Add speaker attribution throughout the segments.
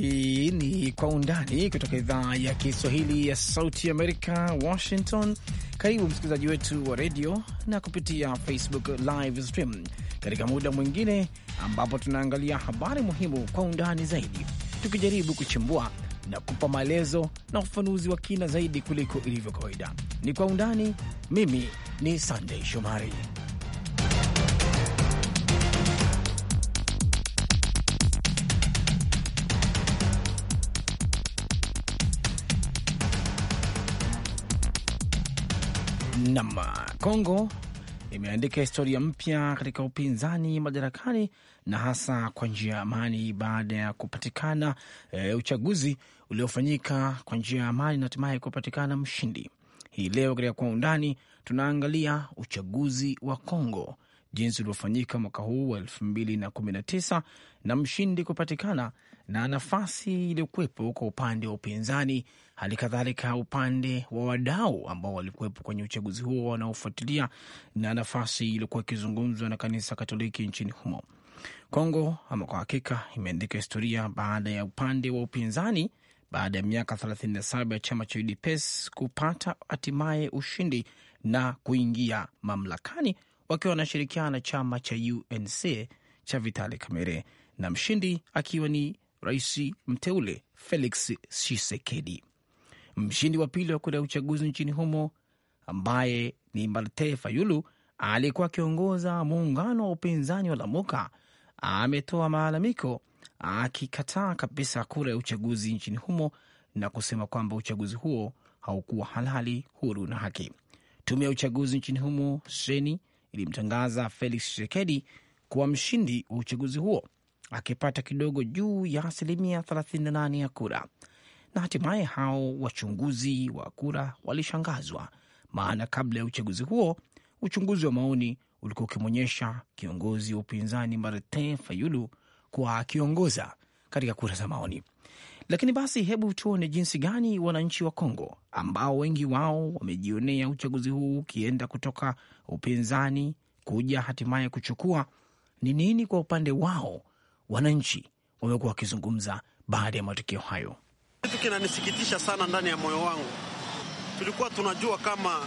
Speaker 1: Hii
Speaker 2: ni Kwa Undani kutoka idhaa ya Kiswahili ya Sauti Amerika, Washington. Karibu msikilizaji wetu wa redio na kupitia Facebook live stream katika muda mwingine ambapo tunaangalia habari muhimu kwa undani zaidi, tukijaribu kuchimbua na kupa maelezo na ufafanuzi wa kina zaidi kuliko ilivyo kawaida. Ni Kwa Undani. Mimi ni Sandei Shomari. Nam Kongo imeandika historia mpya katika upinzani madarakani na hasa kwa njia ya amani baada ya kupatikana e, uchaguzi uliofanyika kwa njia ya amani na hatimaye kupatikana mshindi. Hii leo katika Kwa Undani tunaangalia uchaguzi wa Kongo jinsi uliofanyika mwaka huu wa elfu mbili na kumi na tisa na mshindi kupatikana na nafasi iliyokuwepo kwa upande wa upinzani hali kadhalika upande wa wadau ambao walikuwepo kwenye uchaguzi huo wanaofuatilia na nafasi iliyokuwa ikizungumzwa na kanisa Katoliki nchini humo. Kongo ama kwa hakika imeandika historia baada ya upande wa upinzani baada ya miaka 37 ya chama cha UDPS kupata hatimaye ushindi na kuingia mamlakani wakiwa wanashirikiana na chama cha UNC cha Vitali Kamere na mshindi akiwa ni rais mteule Felix Tshisekedi. Mshindi wa pili wa kura ya uchaguzi nchini humo ambaye ni marte Fayulu aliyekuwa akiongoza muungano wa upinzani wa Lamuka ametoa malalamiko akikataa kabisa kura ya uchaguzi nchini humo na kusema kwamba uchaguzi huo haukuwa halali, huru na haki. Tume ya uchaguzi nchini humo Seni ilimtangaza Felix Tshisekedi kuwa mshindi wa uchaguzi huo akipata kidogo juu ya asilimia 38 ya kura na hatimaye hao wachunguzi wa kura walishangazwa, maana kabla ya uchaguzi huo uchunguzi wa maoni ulikuwa ukimwonyesha kiongozi wa upinzani Martin Fayulu kuwa akiongoza katika kura za maoni. Lakini basi, hebu tuone jinsi gani wananchi wa Kongo ambao wengi wao wamejionea uchaguzi huu ukienda kutoka upinzani kuja hatimaye kuchukua, ni nini kwa upande wao wananchi wamekuwa wakizungumza baada ya matokeo hayo
Speaker 3: kitu kinanisikitisha sana ndani ya moyo wangu. Tulikuwa tunajua kama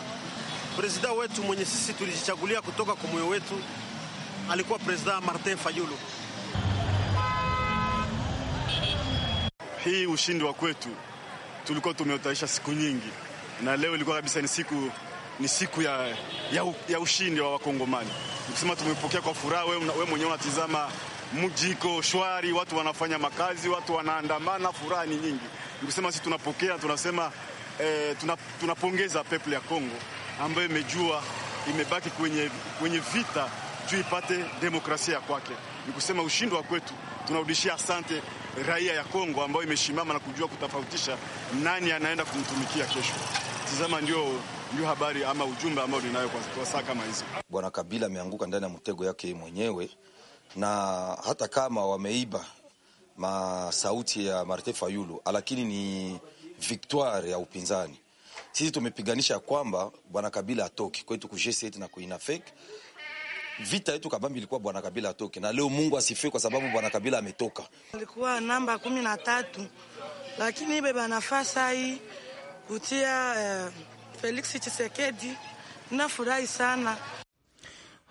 Speaker 4: prezida wetu mwenye sisi tulijichagulia kutoka kwa moyo wetu alikuwa prezida Martin Fayulu. Hii ushindi wa kwetu tulikuwa tumeotaisha siku nyingi, na leo ilikuwa kabisa ni siku ni siku ya, ya, ya ushindi wa Wakongomani. Nikusema tumepokea kwa furaha. we mwenyewe unatizama mji iko shwari, watu wanafanya makazi, watu wanaandamana, furaha ni nyingi ni kusema sisi tunapokea, tunasema eh, tunapongeza peple ya Kongo ambayo imejua imebaki kwenye, kwenye vita juu ipate demokrasia ya kwake. Ni kusema ushindi wa kwetu tunarudishia asante raia ya Kongo ambayo imeshimama na kujua kutofautisha nani anaenda kumtumikia kesho. tizama ndio ndio habari ama ujumbe ambao ninayo kwa
Speaker 1: saa kama hizo. Bwana Kabila ameanguka ndani ya mtego yake mwenyewe, na hata kama wameiba ma sauti ya Martin Fayulu, lakini ni victoire ya upinzani. Sisi tumepiganisha kwamba bwana Kabila atoke kwetu ku G7 na ku INAFEC. Vita yetu kabambi ilikuwa bwana Kabila atoke, na leo Mungu asifiwe kwa sababu bwana Kabila ametoka.
Speaker 3: Alikuwa namba kumi na tatu, lakini beba nafasi hii kutia uh, Felix Tshisekedi, nafurahi sana.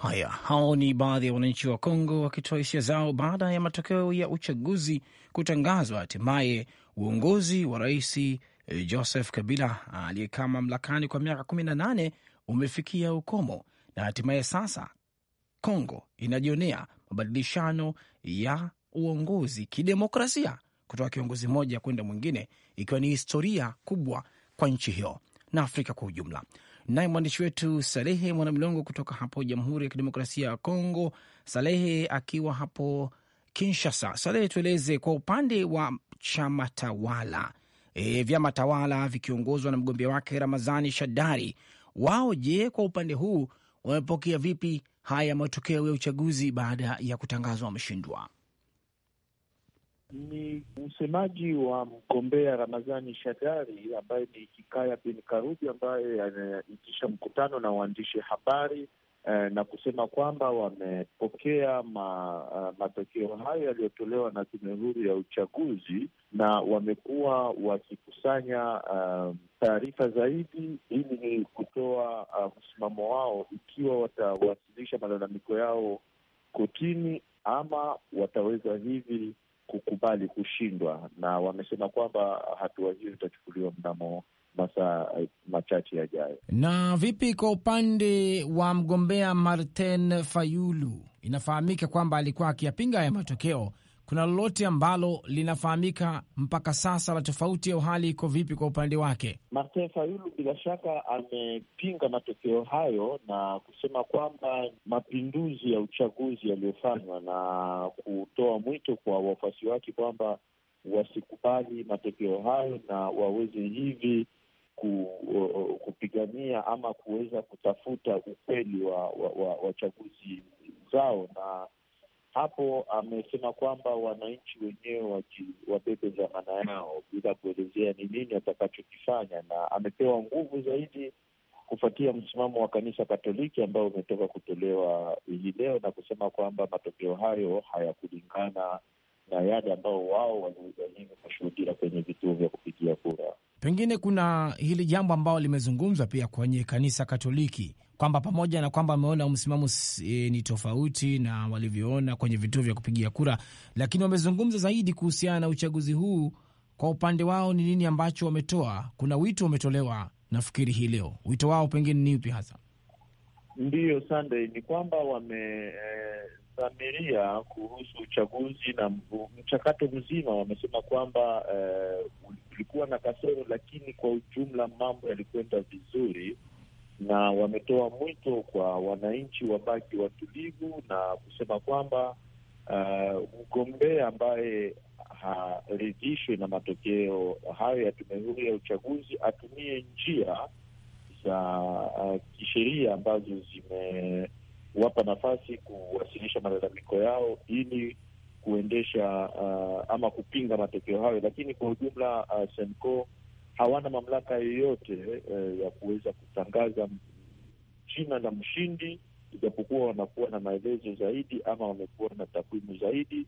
Speaker 2: Haya, hao ni baadhi ya wananchi wa Kongo wakitoa hisia zao baada ya matokeo ya uchaguzi kutangazwa. Hatimaye uongozi wa rais eh, Joseph Kabila aliyekaa mamlakani kwa miaka kumi na nane umefikia ukomo na hatimaye sasa Kongo inajionea mabadilishano ya uongozi kidemokrasia kutoka kiongozi mmoja kwenda mwingine, ikiwa ni historia kubwa kwa nchi hiyo na Afrika kwa ujumla. Naye mwandishi wetu Salehe Mwanamlongo kutoka hapo Jamhuri ya Kidemokrasia ya Kongo, Salehe akiwa hapo Kinshasa. Salehe, tueleze kwa upande wa chama tawala e, vyama tawala vikiongozwa na mgombea wake Ramazani Shadari, wao je, kwa upande huu wamepokea vipi haya matokeo ya uchaguzi baada ya kutangazwa wameshindwa?
Speaker 4: Ni msemaji wa mgombea Ramadhani Shadari ambaye ni Hikaya bin Karubi ambaye anaitisha mkutano na waandishi habari eh, na kusema kwamba wamepokea ma, eh, matokeo hayo yaliyotolewa na tume huru ya uchaguzi na wamekuwa wakikusanya uh, taarifa zaidi ili kutoa eh, msimamo uh, wao ikiwa watawasilisha malalamiko yao kotini ama wataweza hivi kukubali kushindwa, na wamesema kwamba hatua hiyo itachukuliwa mnamo masaa machache yajayo. Na
Speaker 2: vipi kwa upande wa mgombea Martin Fayulu? Inafahamika kwamba alikuwa akiyapinga haya matokeo, kuna lolote ambalo linafahamika mpaka sasa la tofauti ya hali iko vipi kwa upande wake?
Speaker 4: Martin Fayulu bila shaka amepinga matokeo hayo na kusema kwamba mapinduzi ya uchaguzi yaliyofanywa na kutoa mwito kwa wafuasi wake kwamba wasikubali matokeo hayo na waweze hivi ku, uh, kupigania ama kuweza kutafuta ukweli wa, wachaguzi wa, wa zao na hapo amesema kwamba wananchi wenyewe wabebe dhamana yao bila kuelezea ni nini watakachokifanya, na amepewa nguvu zaidi kufuatia msimamo wa kanisa Katoliki ambao umetoka kutolewa hii leo na kusema kwamba matokeo hayo hayakulingana na yale ambao wao walihivi kushuhudia kwenye vituo vya kupigia kura.
Speaker 2: Pengine kuna hili jambo ambalo limezungumzwa pia kwenye kanisa Katoliki kwamba pamoja na kwamba wameona msimamo e, ni tofauti na walivyoona kwenye vituo vya kupigia kura, lakini wamezungumza zaidi kuhusiana na uchaguzi huu kwa upande wao ni nini ambacho wametoa. Kuna wito umetolewa, nafikiri hii leo wito wao pengine ni upi hasa?
Speaker 4: Ndiyo, Sunday, ni kwamba wamedhamiria e, eh, kuhusu uchaguzi na mchakato mzima. Wamesema kwamba eh, ulikuwa na kasoro, lakini kwa ujumla mambo yalikwenda vizuri na wametoa mwito kwa wananchi wabaki watulivu na kusema kwamba uh, mgombea ambaye haridhishwi na matokeo hayo ya tume huru ya uchaguzi atumie njia za uh, kisheria ambazo zimewapa nafasi kuwasilisha malalamiko yao ili kuendesha uh, ama kupinga matokeo hayo, lakini kwa ujumla uh, Senko hawana mamlaka yoyote eh, ya kuweza kutangaza jina la mshindi, ijapokuwa wanakuwa na maelezo zaidi ama wamekuwa na takwimu zaidi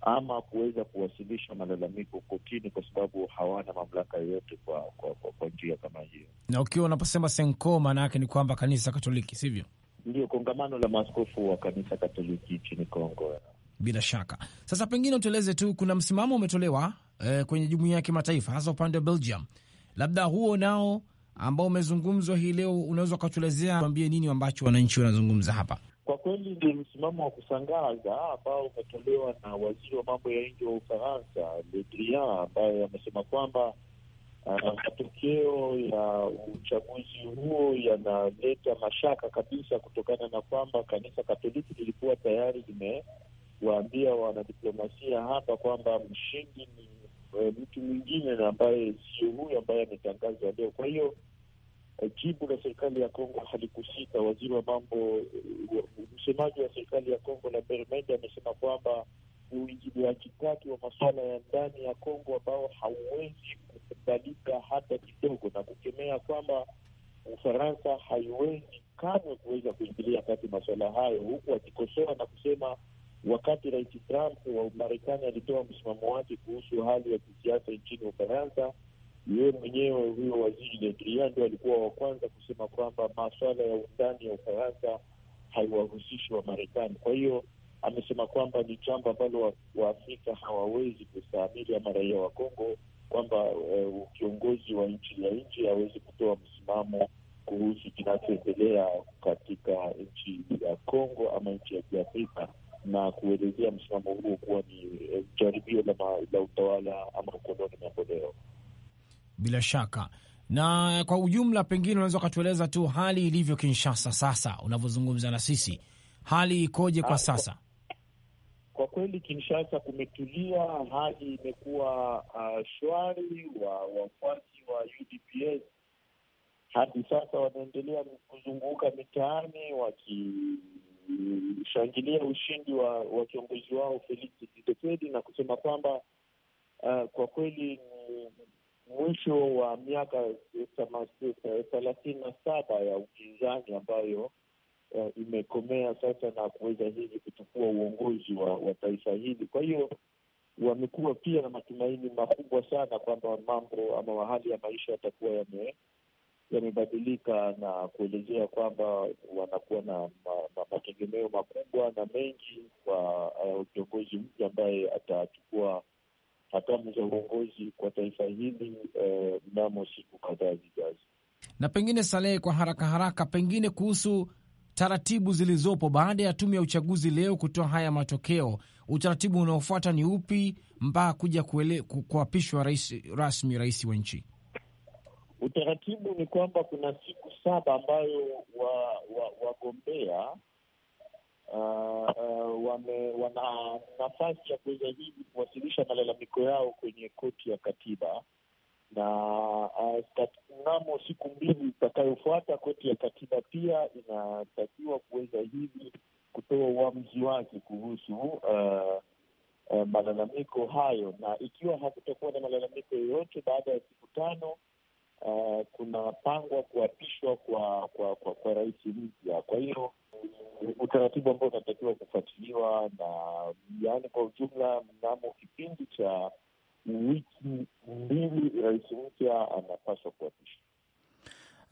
Speaker 4: ama kuweza kuwasilisha malalamiko kotini, kwa sababu hawana mamlaka yoyote kwa kwa, kwa, kwa njia kama hiyo.
Speaker 2: Na ukiwa unaposema senko, maana yake ni kwamba kanisa Katoliki, sivyo?
Speaker 4: Ndio kongamano la maaskofu wa kanisa Katoliki nchini
Speaker 2: Kongo. Bila shaka, sasa pengine utueleze tu, kuna msimamo umetolewa eh, kwenye jumuiya ya kimataifa, hasa upande wa Belgium. Labda huo nao ambao umezungumzwa hii leo, unaweza ukatuelezea, tuambie nini ambacho wananchi wanazungumza hapa?
Speaker 4: Kwa kweli ni msimamo wa kusangaza ambao umetolewa na waziri wa mambo ya nje wa Ufaransa Le Drian, ambaye amesema kwamba ah, matokeo ya uchaguzi huo yanaleta mashaka kabisa, kutokana na kwamba kanisa Katoliki lilikuwa tayari limewaambia wanadiplomasia hapa kwamba mshindi ni Eh, mtu mwingine na ambaye sio huyo ambaye ametangazwa leo. Kwa hiyo eh, jibu la serikali ya Kongo halikusika. Waziri wa mambo, eh, msemaji wa serikali ya Kongo la bermende amesema kwamba ni uingiliaji kati wa masuala ya ndani ya Kongo ambao hauwezi kukubalika hata kidogo, na kukemea kwamba Ufaransa haiwezi kamwe kuweza kuingilia kati masuala hayo, huku akikosoa na kusema wakati Rais Trump wa Marekani alitoa msimamo wake kuhusu hali ya kisiasa nchini Ufaransa, yeye mwenyewe huyo waziri Le Drian alikuwa wa kwanza kusema kwamba maswala ya undani ya Ufaransa
Speaker 1: haiwahusishi
Speaker 4: wa Marekani. Kwa hiyo amesema kwamba ni jambo ambalo Waafrika hawawezi kustahimili ama raia wa Kongo, kwamba uh, kiongozi wa nchi ya nchi hawezi kutoa msimamo kuhusu kinachoendelea katika nchi ya Kongo ama nchi ya Kiafrika na kuelezea msimamo huo kuwa ni eh, jaribio la, la utawala ama ukoloni
Speaker 2: mamboleo. Bila shaka na kwa ujumla, pengine unaweza ukatueleza tu hali ilivyo Kinshasa sasa unavyozungumza na sisi, hali ikoje kwa ah, sasa?
Speaker 4: Kwa kweli Kinshasa kumetulia, hali imekuwa uh, shwari. Wa wafuasi wa UDPS hadi sasa wanaendelea kuzunguka mitaani waki kushangilia ushindi wa, wa kiongozi wao Felix Tshisekedi na kusema kwamba uh, kwa kweli ni mwisho wa miaka thelathini na saba ya upinzani ambayo uh, imekomea sasa na kuweza hivi kuchukua uongozi wa, wa taifa hili. Kwa hiyo wamekuwa pia na matumaini makubwa sana kwamba mambo ama hali ya maisha yatakuwa yame yamebadilika na kuelezea kwamba wanakuwa na mategemeo makubwa na mengi kwa eh, kiongozi uh, mpya ambaye atachukua hatamu za uongozi kwa taifa hili eh, mnamo uh, siku kadhaa zijazo.
Speaker 2: Na pengine Salehe, kwa haraka haraka, pengine kuhusu taratibu zilizopo baada ya tume ya uchaguzi leo kutoa haya matokeo, utaratibu unaofuata ni upi mpaka kuja kuapishwa rais, rasmi rais wa nchi?
Speaker 4: Utaratibu ni kwamba kuna siku saba ambayo wagombea wa, wa uh, uh, wame, wana nafasi ya kuweza hivi kuwasilisha malalamiko yao kwenye koti ya katiba na uh, mnamo uh, siku mbili itakayofuata, koti ya katiba pia inatakiwa kuweza hivi kutoa uamuzi wake kuhusu uh, uh, malalamiko hayo, na ikiwa hakutakuwa na malalamiko yoyote baada ya siku tano uh, kunapangwa kuapishwa kwa kwa, kwa, kwa rais mpya. Kwa hiyo utaratibu ambao unatakiwa kufuatiliwa na yaani, kwa ujumla, mnamo kipindi cha wiki mbili rais mpya anapaswa kuapishwa.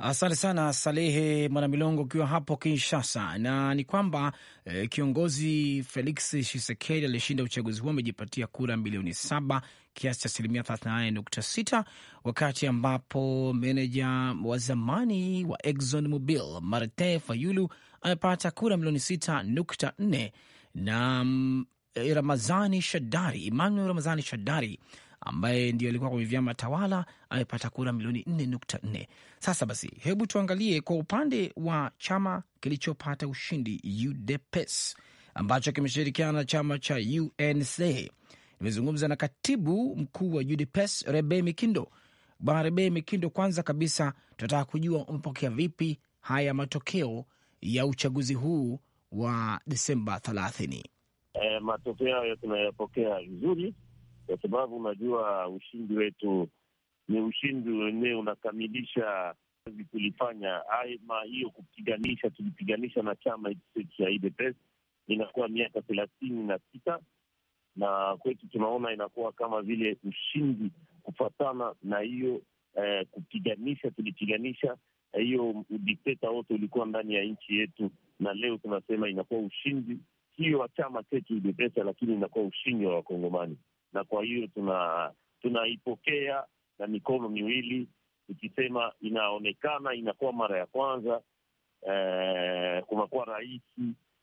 Speaker 2: Asante sana Salehe Mwanamilongo ukiwa hapo Kinshasa. Na ni kwamba e, kiongozi Felix Tshisekedi alishinda uchaguzi huo, amejipatia kura milioni saba, kiasi cha asilimia 38.6, wakati ambapo meneja wa zamani wa Exxon Mobil Martin Fayulu amepata kura milioni 6.4 na mm, eh, Ramazani Shadari, Emmanuel Ramazani Shadari ambaye ndio alikuwa kwenye vyama tawala amepata kura milioni 4.4. Sasa basi, hebu tuangalie kwa upande wa chama kilichopata ushindi UDPS ambacho kimeshirikiana na chama cha UNC. Nimezungumza na katibu mkuu wa UDPS Rebe Mikindo. Bwana Rebe Mikindo, kwanza kabisa tunataka kujua umepokea vipi haya matokeo ya uchaguzi huu wa Desemba thelathini?
Speaker 4: E, matokeo hayo tunayapokea vizuri kwa sababu unajua ushindi wetu ni ushindi wenyewe unakamilisha kazi tulifanya, ama hiyo kupiganisha, tulipiganisha na chama chetu cha UDPS inakuwa miaka thelathini na sita na kwetu tunaona inakuwa kama vile ushindi kufatana na hiyo eh, kupiganisha, tulipiganisha eh, hiyo udikteta wote ulikuwa ndani ya nchi yetu, na leo tunasema inakuwa ushindi hiyo wa chama chetu UDPS, lakini inakuwa ushindi wa Wakongomani na kwa hiyo tuna tunaipokea na mikono miwili ikisema inaonekana inakuwa mara ya kwanza eh, kunakuwa rais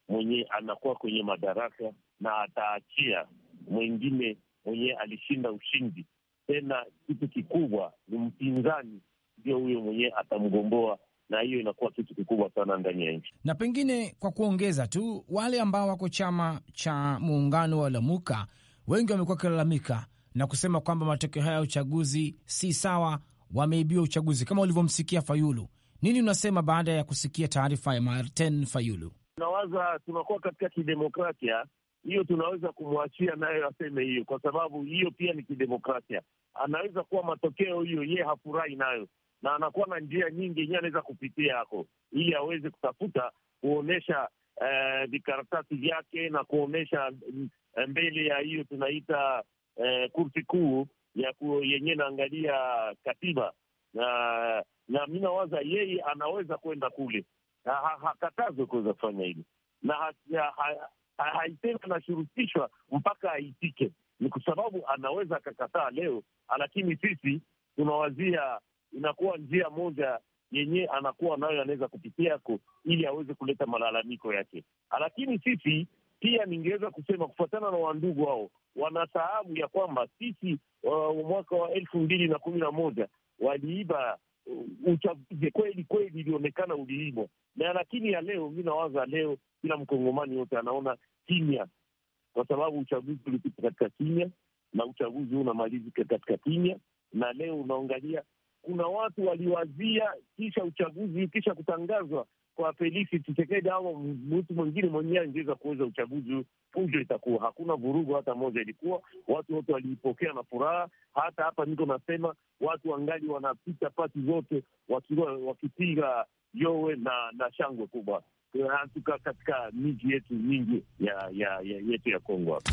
Speaker 4: mwenye anakuwa kwenye madaraka na ataachia mwingine mwenyee alishinda ushindi. Tena kitu kikubwa ni mpinzani ndio huyo mwenyee atamgomboa, na hiyo inakuwa kitu kikubwa sana ndani ya nchi.
Speaker 2: Na pengine kwa kuongeza tu, wale ambao wako chama cha muungano wa Lamuka wengi wamekuwa wakilalamika na kusema kwamba matokeo haya ya uchaguzi si sawa, wameibiwa uchaguzi, kama ulivyomsikia Fayulu. Nini unasema baada ya kusikia taarifa ya Martin Fayulu?
Speaker 4: nawaza tunakuwa katika kidemokrasia hiyo, tunaweza kumwachia naye aseme hiyo, kwa sababu hiyo pia ni kidemokrasia. Anaweza kuwa matokeo hiyo ye hafurahi nayo, na anakuwa na njia nyingi yenyewe anaweza kupitia hako ili aweze kutafuta kuonyesha eh, vikaratasi uh, vyake na kuonyesha Eh, mbele ya hiyo tunaita eh, kurti kuu ya yenyewe naangalia katiba na na mi nawaza yeye anaweza kwenda kule, hakatazwe ha, kuweza kufanya hili na haitena ha, ha, anashurutishwa mpaka aitike. Ni kwa sababu anaweza akakataa leo, lakini sisi tunawazia inakuwa njia moja yenye anakuwa nayo anaweza kupitia yako ili aweze kuleta malalamiko yake, lakini sisi pia ningeweza kusema kufuatana na wandugu hao, wanasahabu ya kwamba sisi uh, mwaka wa elfu mbili na kumi na moja waliiba uh, uchaguzi kweli kweli, ilionekana uliibwa na, lakini ya leo, mi nawaza leo kila mkongomani yote anaona kimya, kwa sababu uchaguzi ulipita katika kimya na uchaguzi huu unamalizika katika kimya. Na leo unaangalia kuna watu waliwazia kisha uchaguzi kisha kutangazwa kwa Felisi Chisekedi au mtu mwingine mwenyewe angeweza kuweza uchaguzi, fujo itakuwa hakuna, vurugu hata moja ilikuwa, watu wote waliipokea na furaha. Hata hapa niko nasema watu wangali wanapita pati zote wakipiga yowe na na shangwe kubwa, katika miji yetu mingi ya, ya, ya yetu ya Kongo hapa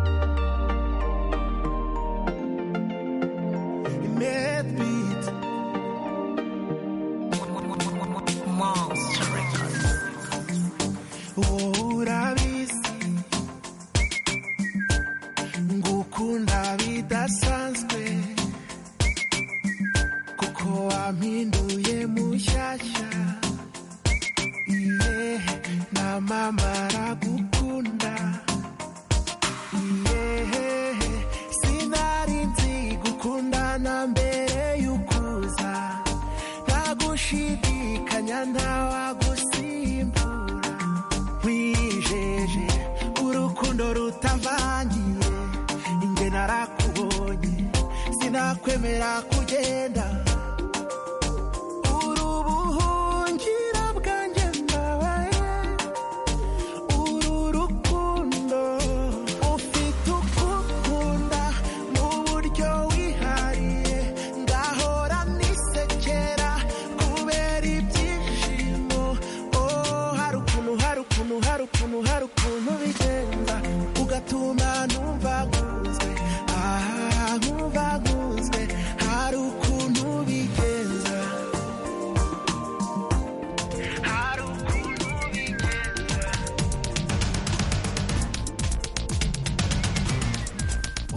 Speaker 3: yasanzwe kuko wampinduye mushyashya iye na mama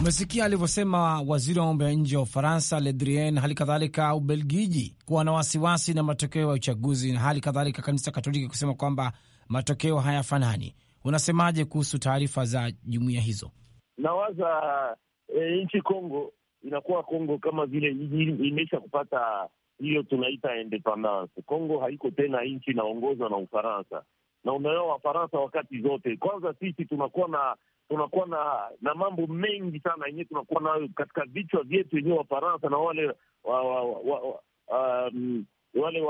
Speaker 2: Umesikia alivyosema waziri wa mambo ya nje wa Ufaransa Le Drian, hali kadhalika Ubelgiji kuwa na wasiwasi na matokeo ya uchaguzi na hali kadhalika kanisa Katoliki kusema kwamba matokeo hayafanani. Unasemaje kuhusu taarifa za jumuiya hizo?
Speaker 4: Nawaza e, nchi Kongo inakuwa Kongo kama vile imesha kupata hiyo tunaita independence. Kongo haiko tena nchi inaongozwa na Ufaransa na umeoa Wafaransa wakati zote. Kwanza sisi tunakuwa na tunakuwa na na mambo mengi sana yenyewe tunakuwa nayo katika vichwa vyetu wenyewe Wafaransa na wale wa, wa, wa, wa, um, wale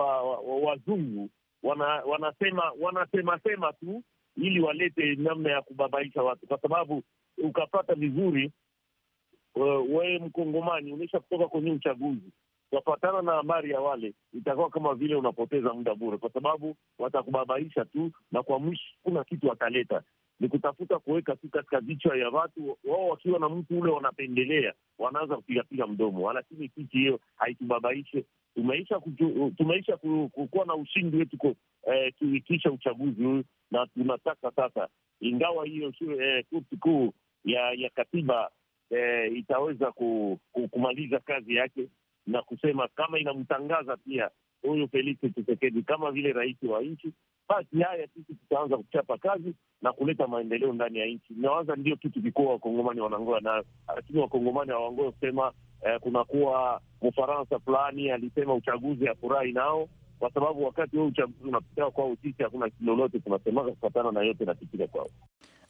Speaker 4: wazungu wa, wa, wana, wanasema wanasema sema tu ili walete namna ya kubabaisha watu, kwa sababu ukapata vizuri wewe uh, Mkongomani unaisha kutoka kwenye uchaguzi ukafuatana na habari ya wale, itakuwa kama vile unapoteza muda bure, kwa sababu watakubabaisha tu, na kwa mwisho kuna kitu wataleta ni kutafuta kuweka tu katika vichwa ya watu wao, wakiwa na mtu ule wanapendelea, wanaanza kupigapiga mdomo. Lakini kiti hiyo haitubabaishe. Tumeisha tumeisha kuwa na ushindi wetu eh, uchaguzi huyu, na tunataka sasa, ingawa hiyo eh, kurti kuu ya ya katiba eh, itaweza kumaliza kazi yake, na kusema kama inamtangaza pia huyu Felix Tshisekedi kama vile rais wa nchi, basi haya sisi tutaanza kuchapa kazi na kuleta maendeleo ndani ya nchi. Nawaza ndio kitu kikuu wakongomani wanangoa nayo, lakini wakongomani hawangoe kusema eh, kunakuwa mfaransa fulani alisema uchaguzi afurahi nao, kwa sababu wakati huo uchaguzi unapitia kwao, sisi hakuna lolote tunasemaga kufatana na yote
Speaker 2: napitika kwao.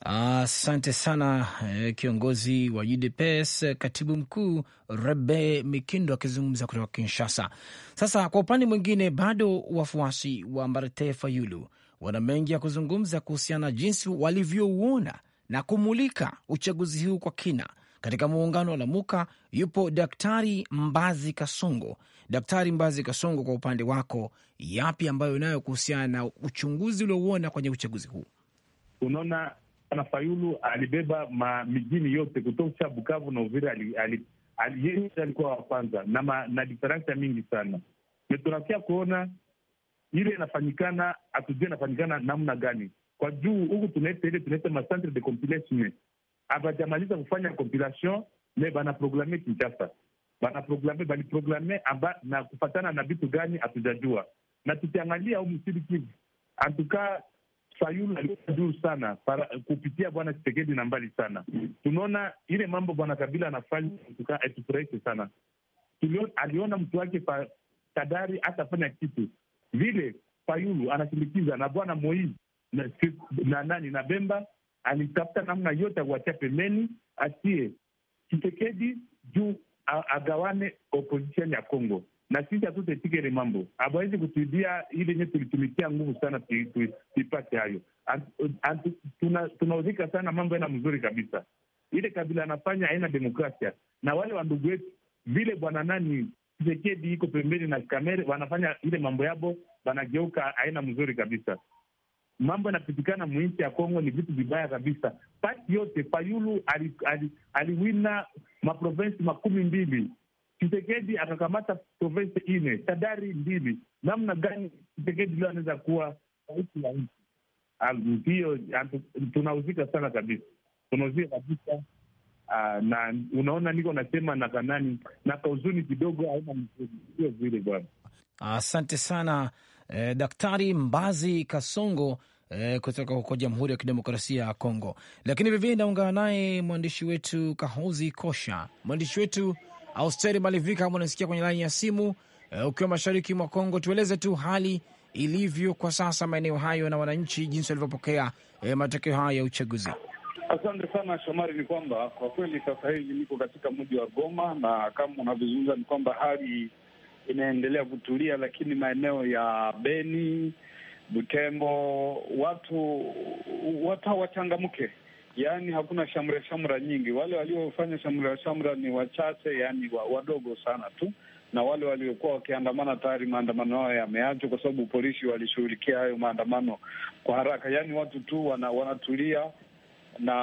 Speaker 2: Asante sana eh, kiongozi wa UDPS katibu mkuu Rebe Mikindo akizungumza kutoka Kinshasa. Sasa kwa upande mwingine, bado wafuasi wa marte Fayulu wana mengi ya kuzungumza kuhusiana na jinsi walivyouona na kumulika uchaguzi huu kwa kina. Katika muungano wa Lamuka yupo Daktari Mbazi Kasongo. Daktari Mbazi Kasongo, kwa upande wako, yapi ambayo inayo kuhusiana na uchunguzi uliouona kwenye uchaguzi huu? Unaona, Fayulu alibeba ma mijini yote kutoka Bukavu na Uvira,
Speaker 4: ali, alikuwa wa kwanza na, ma, na mingi sana me kuona ile inafanyikana, hatujue inafanyikana namna gani kwa juu huku tunaita ile tunaita macentre de compilation abajamaliza kufanya compilation me banaproglame Kinshasa, banaproglame baliproglame amba na kufatana na vitu gani hatujajua, na tukiangalia humu Sud Sayuni alikuwa juu sana para, kupitia bwana Chisekedi na mbali sana. Tunaona ile mambo bwana Kabila anafanya atufurahishe sana. Tuliona, aliona mtu wake pa kadari hatafanya kitu vile. Fayulu anashindikiza na bwana Moizi na, na nani na Bemba alitafuta namna yote akuwatia pembeni asie Chisekedi juu agawane opposition ya Congo na sisi hatutetike ile mambo abo kutuidia ile yenye tulitumikia nguvu sana tuipate hayo. Tunauzika sana mambo aina mzuri kabisa, ile kabila anafanya haina demokrasia na wale wandugu wetu vile bwana nani Tshisekedi iko pembeni na Kamere wanafanya ile mambo yabo, wanageuka aina mzuri kabisa. Mambo yanapitikana mwinchi ya Kongo ni vitu vibaya kabisa, pati yote. Fayulu aliwina ali, ali maprovensi makumi mbili Chisekedi akakamata provensi ine tadari mbili, namna gani Chisekedi leo anaweza kuwa rais wa nchi hiyo? Tunahuzika sana kabisa, tunahuzika kabisa. Uh, na unaona niko nasema na kanani na kauzuni kidogo, aina sio vile bwana.
Speaker 2: Asante sana eh, Daktari Mbazi Kasongo eh, kutoka huko Jamhuri ya Kidemokrasia ya Kongo. Lakini vilevile naungana naye mwandishi wetu Kahozi Kosha, mwandishi wetu Austeri Malivika, kama unasikia kwenye laini ya simu uh, ukiwa mashariki mwa Kongo, tueleze tu hali ilivyo kwa sasa maeneo hayo na wananchi jinsi walivyopokea eh, matokeo haya ya uchaguzi.
Speaker 4: Asante sana Shomari. Ni kwamba kwa kweli sasa hivi niko katika mji wa Goma na kama unavyozungumza ni kwamba hali inaendelea kutulia, lakini maeneo ya Beni, Butembo watu watu hawachangamke yaani hakuna shamra shamra nyingi. Wale waliofanya shamra shamra ni wachache, yaani wadogo sana tu, na wale waliokuwa wakiandamana tayari maandamano yao yameachwa, kwa sababu polisi walishughulikia hayo maandamano kwa haraka. Yaani watu tu wana, wanatulia na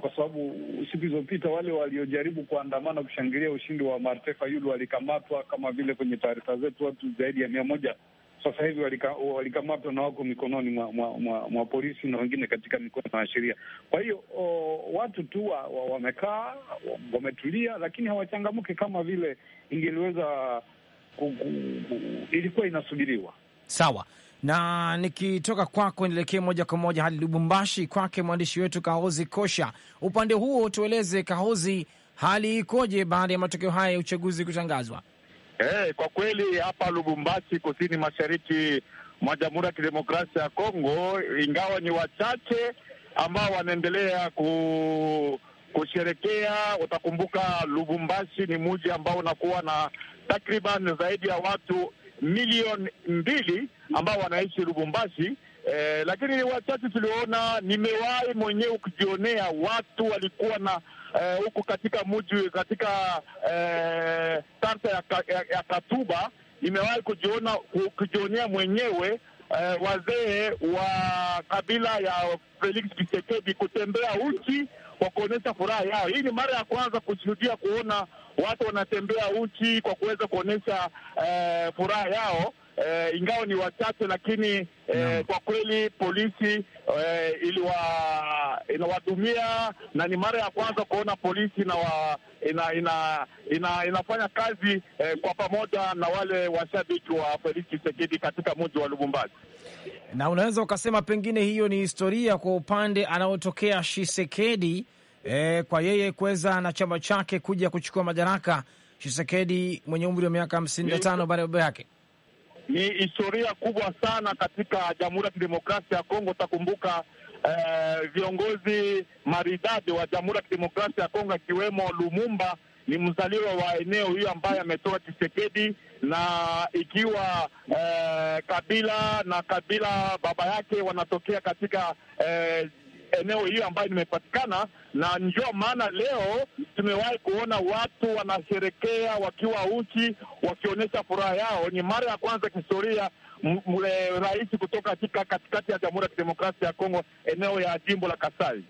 Speaker 4: kwa sababu siku zilizopita wale waliojaribu kuandamana kushangilia ushindi wa Martha Fayulu walikamatwa, kama vile kwenye taarifa zetu, watu zaidi ya mia moja sasa hivi walikamatwa na wako mikononi mwa, mwa, mwa, mwa polisi na wengine katika mikono ya sheria. Kwa hiyo watu tu wamekaa wa wametulia, lakini hawachangamke kama vile ingeliweza ilikuwa inasubiriwa.
Speaker 2: Sawa, na nikitoka kwako nielekee moja kwa moja hadi Lubumbashi kwake mwandishi wetu Kahozi Kosha. Upande huo tueleze Kahozi, hali ikoje baada ya matokeo haya ya uchaguzi kutangazwa?
Speaker 4: Eh, kwa kweli hapa Lubumbashi, kusini mashariki mwa Jamhuri ya Kidemokrasia ya Kongo, ingawa ni wachache ambao wanaendelea ku kusherekea. Utakumbuka Lubumbashi ni mji ambao unakuwa na takriban zaidi ya watu milioni mbili ambao wanaishi Lubumbashi. Eh, lakini ni wachache tulioona. Nimewahi mwenyewe kujionea watu walikuwa na Eh, huku katika mji katika eh, ya, ya, ya Katuba imewahi kujiona kujionea mwenyewe eh, wazee wa kabila ya Felix Tshisekedi kutembea uchi kwa kuonyesha furaha yao. Hii ni mara ya kwanza kushuhudia kuona watu wanatembea uchi kwa kuweza kuonyesha eh, furaha yao eh, ingawa ni wachache, lakini eh, kwa kweli polisi eh, iliwa inawadumia na ni mara ya kwanza kuona polisi wa, ina, ina, ina, inafanya kazi eh, kwa pamoja na wale washabiki wa Felix Tshisekedi
Speaker 2: katika mji wa Lubumbashi. Na unaweza ukasema pengine hiyo ni historia kwa upande anaotokea shisekedi eh, kwa yeye kuweza na chama chake kuja kuchukua madaraka. shisekedi mwenye umri wa miaka hamsini na tano baada ya baba yake
Speaker 4: ni historia kubwa sana katika Jamhuri ya Kidemokrasia ya Kongo. Utakumbuka eh, viongozi maridadi wa Jamhuri ya Kidemokrasia ya Kongo akiwemo Lumumba ni mzaliwa wa eneo hiyo ambaye ametoka Chisekedi na ikiwa eh, Kabila na Kabila baba yake wanatokea katika eh, eneo hiyo ambayo nimepatikana, na ndio maana leo tumewahi kuona watu wanasherekea wakiwa uchi, wakionyesha furaha yao. Ni mara ya kwanza kihistoria mle rais kutoka katika katikati ya Jamhuri ya Kidemokrasia ya Kongo, eneo ya jimbo
Speaker 2: la Kasai.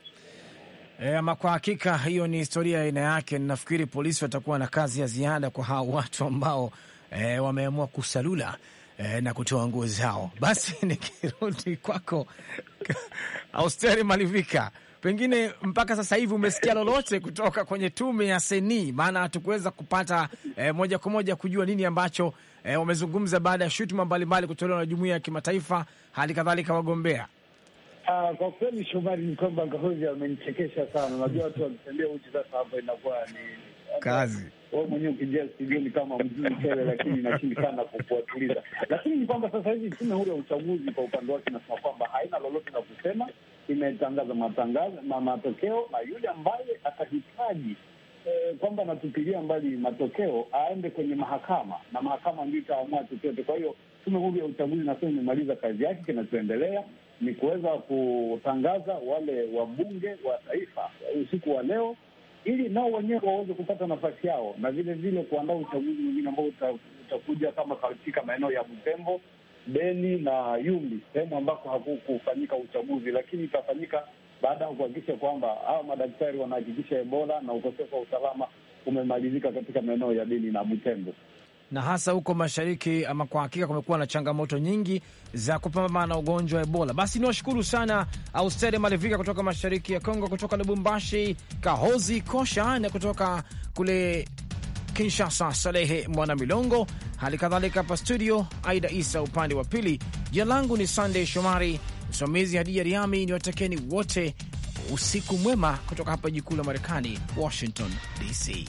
Speaker 2: E, ama kwa hakika hiyo ni historia ya aina yake. Ninafikiri polisi watakuwa na kazi ya ziada kwa hao watu ambao e, wameamua kusalula eh, na kutoa nguo zao. Basi nikirudi kwako Austeri Malivika, pengine mpaka sasa hivi umesikia lolote kutoka kwenye tume ya Seni? Maana hatukuweza kupata eh, moja kwa moja kujua nini ambacho eh, wamezungumza baada ya shutuma mbalimbali kutolewa na jumuia ya kimataifa, hali kadhalika wagombea.
Speaker 4: Uh, kwa kweli Shomari, ni kwamba Kahozi amenichekesha sana. Unajua watu wakitembea uchi sasa, hapa inakuwa ni kazi wewe mwenyewe ukijia studioni kama mjui tele, lakini inashindikana kufuatiliza. Lakini ni kwamba sasa hivi tume huru ya uchaguzi kwa upande wake inasema kwamba haina lolote la kusema, imetangaza matangazo na matokeo, na yule ambaye atahitaji eh, kwamba anatupilia mbali matokeo aende kwenye mahakama na mahakama ndio itaamua chochote. Kwa hiyo tume huru ya uchaguzi nasema imemaliza kazi yake. Kinachoendelea ni kuweza kutangaza wale wabunge wa taifa usiku wa leo ili nao wenyewe waweze kupata nafasi yao, na vile vile kuandaa uchaguzi mwingine ambao utakuja kama katika maeneo ya Butembo, Beni na Yumbi, sehemu ambako hakukufanyika uchaguzi, lakini itafanyika baada ya kuhakikisha kwamba hawa madaktari wanahakikisha Ebola na ukosefu wa usalama umemalizika katika maeneo ya Beni na Butembo
Speaker 2: na hasa huko mashariki, ama kwa hakika kumekuwa na changamoto nyingi za kupambana na ugonjwa wa Ebola. Basi niwashukuru sana Austere Malivika kutoka mashariki ya Kongo, kutoka Lubumbashi Kahozi Kosha, na kutoka kule Kinshasa Salehe Mwana Milongo, hali kadhalika hapa studio Aida Isa upande wa pili. Jina langu ni Sandey Shomari, msimamizi Hadija Riami. Niwatakeni wote usiku mwema kutoka hapa jikuu la Marekani, Washington DC.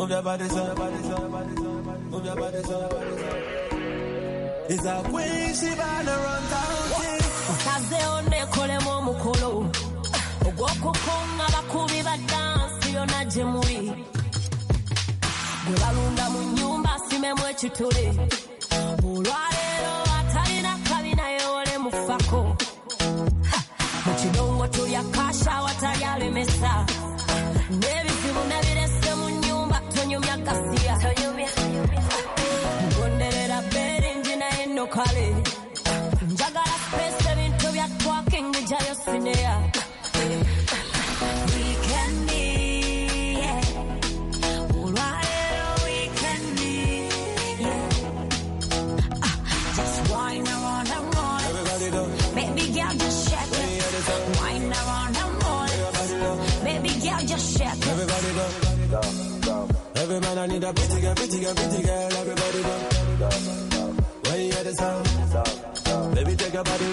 Speaker 3: move your body so move your
Speaker 5: body so tazeonekolemu omukulu ogw'okukunga bakubi ba dansi yona gye muli gwe balunda mu nyumba asimemu ekituli olwaleero atalina kabina yeole mufako mu kidongo tulya kasha awatali alemesa
Speaker 3: girl, pretty girl, pretty girl, pretty girl, everybody run. When you hear the sound, baby, take your body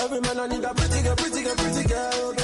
Speaker 3: Every man I need a pretty girl, pretty girl, pretty girl.